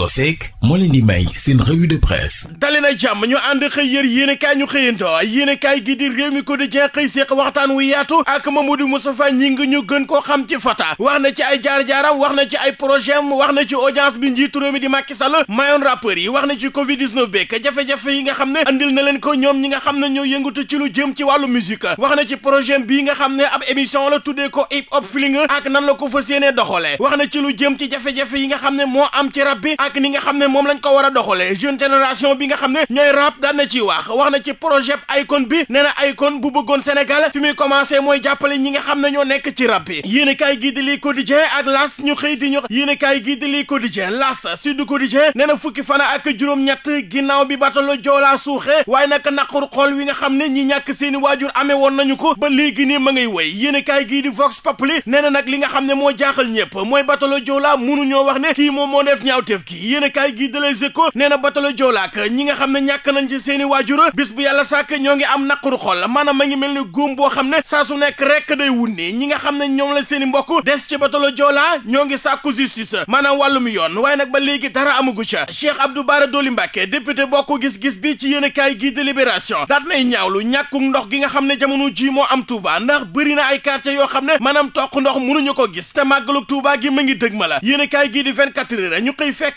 Gosek moo leen di may seen revue de presse dali na jàmm ñu ànd xëy yër yéenekaay ñu xëyantoo yéenekaay gi di réew mi quotidien xëy séq waxtaan wu yaatu ak Mamadou Moustapha Gningue ñu gën koo xam ci Fata wax na ci ay jaar-jaaram wax na ci ay projet am wax na ci audience bi njiitu réew mi di Macky Sall mayoon rappeur yi wax na ci Covid 19 beeg jafe-jafe yi nga xam ne indil na leen ko ñoom ñi nga xam ne ñoo yëngatu ci lu jëm ci wàllu musique wax na ci projet bii nga xam ne ab émission la tuddee ko hip hop feeling ak nan la ko fas yéenee doxalee wax na ci lu jëm ci jafe yi nga xam ne moo am ci rab bi ak ni nga xam ne moom lañ ko war a doxalee jeune génération bi nga xam ne ñooy rap daan na ciy wax wax na ci projet Akon bi nee na Akon bu bëggoon Sénégal fi muy commencé mooy jàppale ñi nga xam ne ñoo nekk ci rap bi yéen a di lii quotidien ak las ñu xëy di ñu yéen a kaay gii di lii quotidien las Sud Quotidien nee na fukki fan ak juróom-ñett ginnaaw bi batalo joolaa suuxee waaye nag naqaru xool wi nga xam ne ñi ñàkk seeni waajur amee woon nañu ko ba léegi nii ma ngay wéy yéen gii di Vox Populi nee na nag li nga xam ne moo jaaxal ñëpp mooy batalo joolaa mënuñoo wax ne kii moom moo def ñaawteef yéen a kaay gii de Les Échos nee na batalo joolaak ñi nga xam ne ñàkk nañ ci seen i waajur bis bu yàlla sàkk ñoo ngi am naqaru xol maanaam a ngi mel ni góom boo xam ne saa su nekk rek day wunni ñi nga xam ne ñoom la seen i mbokk des ci batalo joolaa ñoo ngi sàkku justice maanaam wàllum yoon waaye nag ba léegi dara amugu ca Cheikh Abdou Bara Doli Mbacke boo ko gis-gis bi ci yéen a kaay gii de Libération daat nay ñaawlu ñàkkum ndox gi nga xam ne jamono ji moo am Touba ndax bëri na ay quartier yoo xam ne maanaam toq ndox mënuñu ko gis te màggalu Touba gi ma ngi a kaay gii di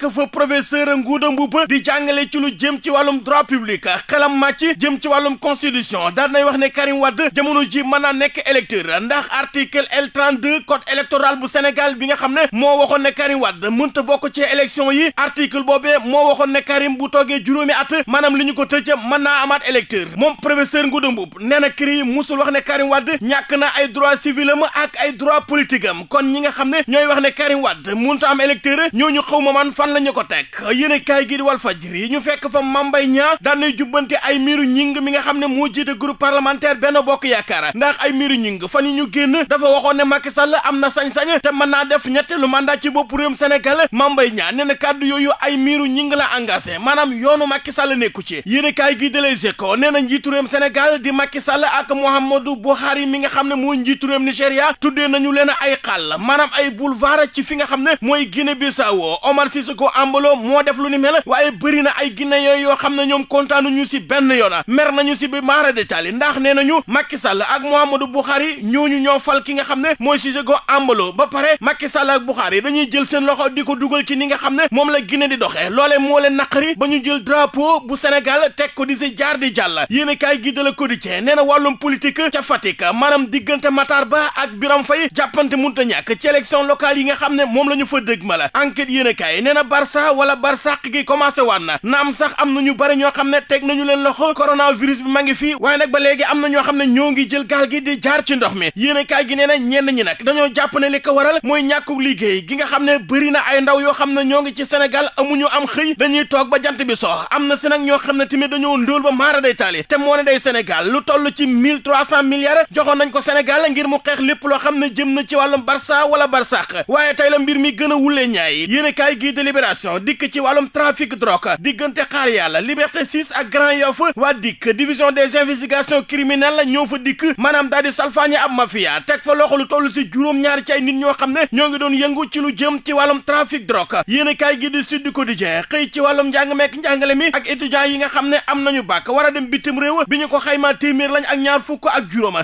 fekk fa professeur Ngouda di jàngale ci lu jëm ci wàllum droit public xelam màcc jëm ci wàllum constitution daan nay wax ne Karim Wade jamono ji man naa nekk électeur ndax article L32 code électoral bu Sénégal bi nga xam ne moo waxoon ne Karim Wade mënta bokk ci élection yi article boobee moo waxoon ne Karim bu toogee juróomi at maanaam li ñu ko tëj mën naa amaat électeur moom professeur Ngouda Mboup nee na CREI musul wax ne Karim Wade ñàkk na ay droit civil am ak ay droit politique am kon ñi nga xam ne ñooy wax ne Karim Wade mënta am électeur ñooñu xaw ma man fan fan la ko teg yéen kaay gi di Walf Fadjri ñu fekk fa Mame Mbaye Niang daan nay jubbante ay miiru ñing mi nga xam ne moo jiite groupe parlementaire Benno Bokk Yaakaar ndax ay miiru ñing fan yi ñu génn dafa waxoon ne Macky Sall am na sañ-sañ te mën naa def ñetteelu mandat ci bopp réewum Sénégal Mame Mbaye Niang nee na kàddu yooyu ay miiru ñing la engagé maanaam yoonu Macky Sall nekku ci yéen kaay gi de Les Échos nee na njiitu réewum Sénégal di Macky Sall ak Mouhamadou Buhari mi nga xam ne moo njiitu réewum Nigéria tuddee nañu leen ay xàll maanaam ay boulevard ci nga xam ne mooy Guinée Bissau Omar Cissokho Sanko Ambalo moo def lu ni mel waaye bëri na ay Guinéen yoo xam ne ñoom kontaanu ñu si benn yoon mer ñu si bi maara détaali ndax nee nañu Macky Sall ak Mouhamadou Buhari ñu ñoo fal ki nga xam ne mooy Séségo Ambalo ba pare Macky Sall ak Buhari dañuy jël seen loxo di ko dugal ci ni nga xam ne moom la Guinée di doxee loole moo leen naqari ba ñu jël drapeau bu Sénégal teg ko di si jaar di jàll yéen kaay gi de la Quotidien nee na wàllum politique ca Fatick maanaam diggante Matar Ba ak Biram Faye jàppante munta ñàkk ci yi nga xam ne moom la ñu fa dëgmal enquête yéen a kaay nee na Barça wala Barsàq gi commencé waat na naam sax am na ñu bëri ñoo xam ne teg nañu leen loxo coronavirus bi ma ngi fii waaye nag ba léegi am na ñoo xam ne ñoo ngi jël gaal gi di jaar ci ndox mi yéen kaay gi nee na ñenn ñi nag dañoo jàpp ne li ko waral mooy ñàkku liggéey gi nga xam ne bëri na ay ndaw yoo xam ne ñoo ngi ci Sénégal amuñu am xëy dañuy toog ba jant bi soox am na si nag ñoo xam ne tamit dañoo ndóol ba maara day taali te moo ne day Sénégal lu toll ci mille trois cent milliards joxoon nañ ko Sénégal ngir mu xeex lépp loo xam ne jëm na ci wàllum Barça wala Barsàq waaye tey la mbir mi gën a wulee ñaay gi libération dikk ci wàllum trafic drogue diggante xaar yàlla liberté 6 ak Grand Yoff waa dikk division des investigations criminelles ñoo fa dikk maanaam daal di ab mafia teg fa loxo lu toll si juróom-ñaar ci ay nit ñoo xam ne ñoo ngi doon yëngu ci lu jëm ci wàllum trafic drogue yéen a kaay gi di Sud xëy ci wàllum njàng meek njàngale mi ak étudiants yi nga xam ne am nañu bàkk war a dem bitim réew bi ñu ko xaymaa téeméer lañ ak ñaar fukk ak juróoma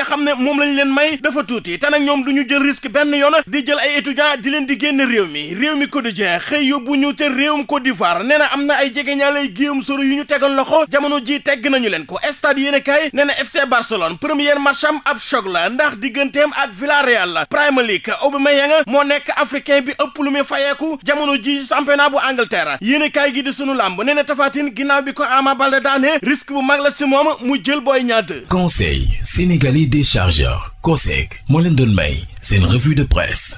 nga xam ne moom lañ leen may dafa tuuti te nag ñoom du ñu jël risque benn yoon di jël ay étudiant di leen di génn réew mi réew mi quotidien xëy yóbbu ñu te réewum Côte d'Ivoire nee na am na ay jege ñaa lay Guillaume Soro yu ñu tegal loxo jamono ji tegg nañu leen ko stade yéene kaay nee na FC Barcelone premier match am ab choc la ndax digganteem ak Villarreal la Premier League Aubameyang moo nekk africain bi ëpp lu muy fayeeku jamono ji championnat bu Angleterre yéene kaay gi di sunu làmb nee na Tapha Tine ginnaaw bi ko Ama Baldé daane risque bu mag la si moom mu jël Boy Niang 2 conseil sénégalais des chargeurs COSEC moo leen doon may seen revue de presse